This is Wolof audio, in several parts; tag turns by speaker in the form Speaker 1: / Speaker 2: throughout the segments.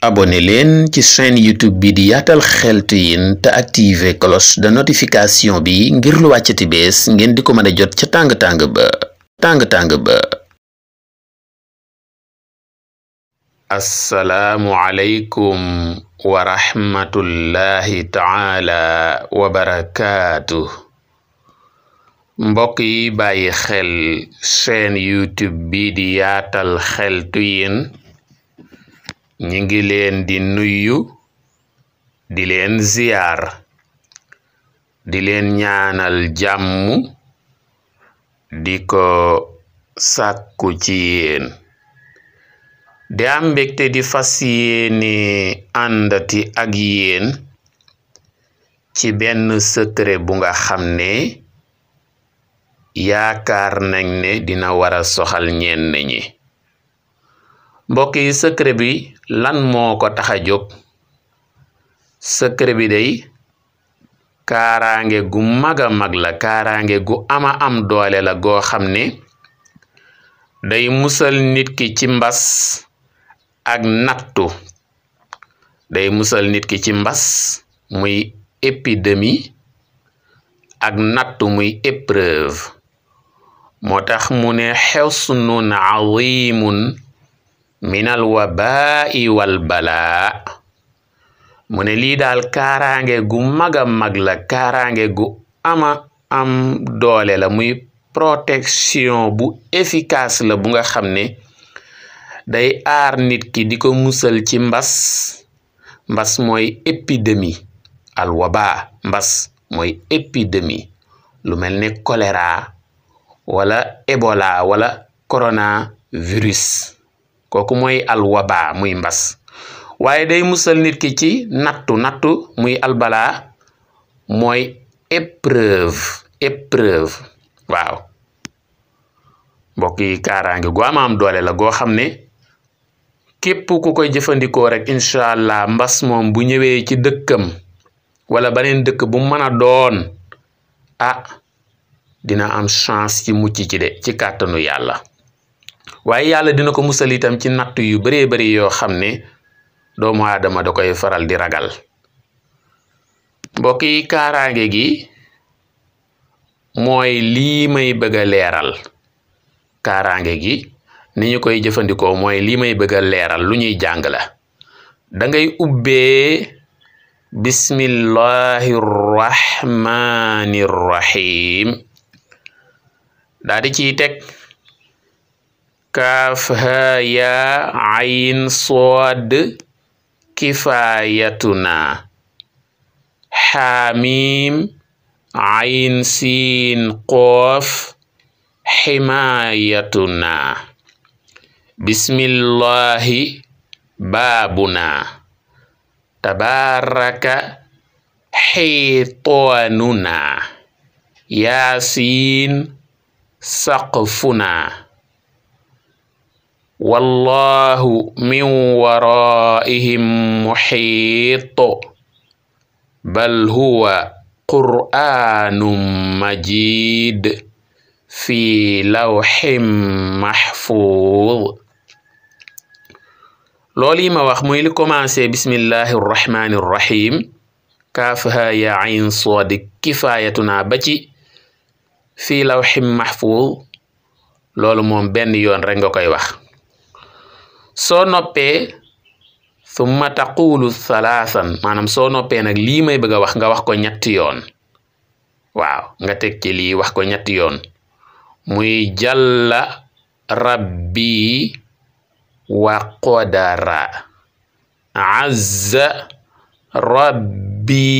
Speaker 1: abonné leen ci chaîne youtube bi di yaatal xeltu yin te activer cloche de notification bi ngir lu wàccati bees ngeen di ko mën a jot ca tàng-tàng ba tàng-tàng ba assalaamu aleykum wa rahmatullahi taala wa barakaatu mbokk yi bàyyi xel chaîne bi di yaatal xeltu ñi ngi leen di nuyu di leen ziyaar di leen ñaanal jàmm di ko sàkku ci yéen di am mbégte di fas yéene àndati ak yéen ci benn secret bu nga xam ne yaakaar nañ ne dina wara soxal ñenn ñi mbokk yi bi lan moo ko tax a jóg secret bi day kaaraange gu mag a mag la kaaraange gu ama am doole la goo xam ne day musal nit ki ci mbas ak nattu day musal nit ki ci mbas muy épidémie ak nattu muy épreuve moo tax mu ne xew sunun azimun minal waba wal bala mu ne lii daal kaaraange gu mag a mag la kaaraange gu ama am doole la muy protection bu efficace la bu nga xam ne day aar nit ki di ko musal ci mbas mbas mooy épidémie al waba mbas mooy épidémie lu mel ne choléra wala Ebola wala coronavirus kooku mooy alwaba muy mbas waaye day musal nit ki ci nattu nattu muy albala mooy épreuve épreuve waaw mbokk yi gu am doole la goo xam ne képp ku koy jëfandikoo rek incha allah mbas moom bu ñëwee ci dëkkam wala beneen dëkk bu mën a doon ah dina am chance ci mucc ci de ci kàttanu yàlla waaye yàlla dina ko musal itam ci natt yu bëree bëri yoo xam ne doomu aadama da koy faral di ragal mbokk yi kaaraange gi mooy lii may bëgg leeral kaaraange gi ni ñu koy jëfandikoo mooy lii may bëgg leeral lu ñuy jàng la da ngay ubbee bismillahi rahmani rahim daal di ciy kaaf haa yaa ayn sood kifaayatunaa xaamiim ayn siin qoof ximaayatunaa bismillahi baabunaa tabaaraka xiitoonunaa yaasiin wallahu min waraihim muxiit bal huwa qur'aanun majid fi lawxin maxfuud loolu yi ma wax muy li commencé bismillahi irrahmani irrahim kaaf haa yaa ayn sood kifaayatuna ba ci fii lawxin maxfuud loolu yoon rek nga koy wax soo noppee summa taqulu salaasan maanaam soo noppee nag lii may bëgg a wax nga wax ko ñetti yoon waaw nga teg ci lii wax ko ñetti yoon muy jàlla rabbi wa qodara azza rabbi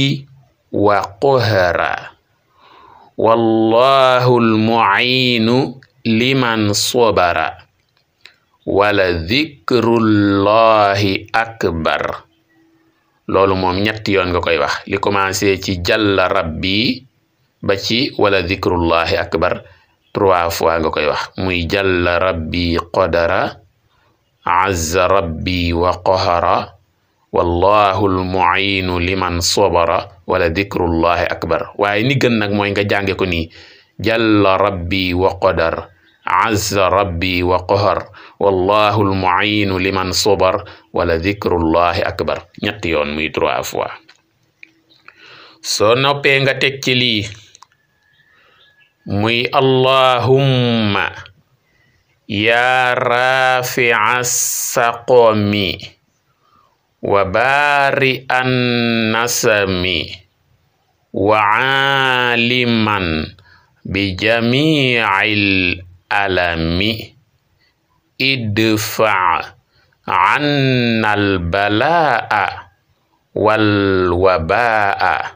Speaker 1: wa qohara wallahu almuciinu liman sobara wala dikrullahi akbar loolu moom ñetti yoon nga koy wax li commencé ci jàlla rabbi ba ci wala dikrullahi akbar trois fois nga koy wax muy jàlla rabbi qadara azza rabbi wa qahara wallahu almuinu liman sobara wala dikrullahi akbar waaye ni gën nag mooy nga jànge ko nii jàlla rabbi wa qadar azza rabbi wa qahar wallahu almuinu liman sobar wala dikrullahi akbar ñetti yoon muy trois fois soo noppee nga teg ci lii muy allahumma yaa rafi'a saqomi wa baari an nasami wa aliman bi jamiil alami idfa anna albalaa walwabaa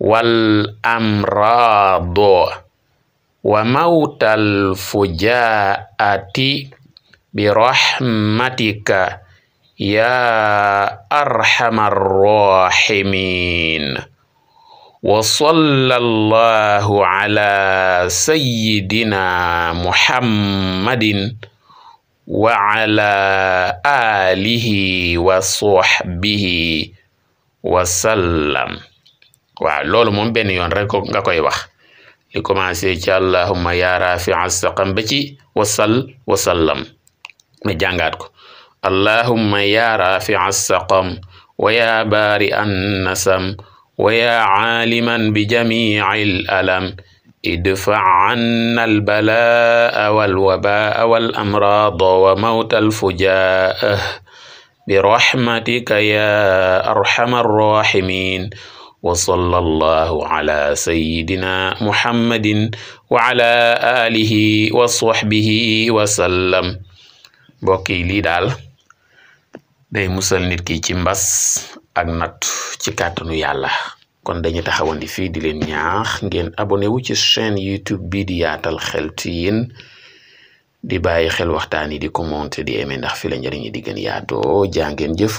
Speaker 1: walamrado wa mauta alfujaati ya arhamar rahimin وصلى الله على سيدنا محمد وعلى آله وصحبه وسلم waaw loolu moom benn yoon rek nga koy wax li commencé ci allahumma ya rafi saqam ba ci wasal wasallam ma baari an wa yaa caaliman bi jamiicil alam idfa canna albalaa walwabaa walamraada wa mawta alfujaah birahmatika yaa arxama arrahimin wa sallallahu ala sayyidina muhammadin wa ala alihi wa sahbihi wa sallam mbokk yi lii daal day musal nit ki ci mbas ak nattu ci kàttanu yàlla kon dañu taxawandi fii di leen ñaax ngeen abonné wu ci chaîne YouTube bii di yaatal xeltu yéen di bàyyi xel waxtaan yi di commenter di aimer ndax fi la njëriñ di gën yaatoo jaa ngeen jëf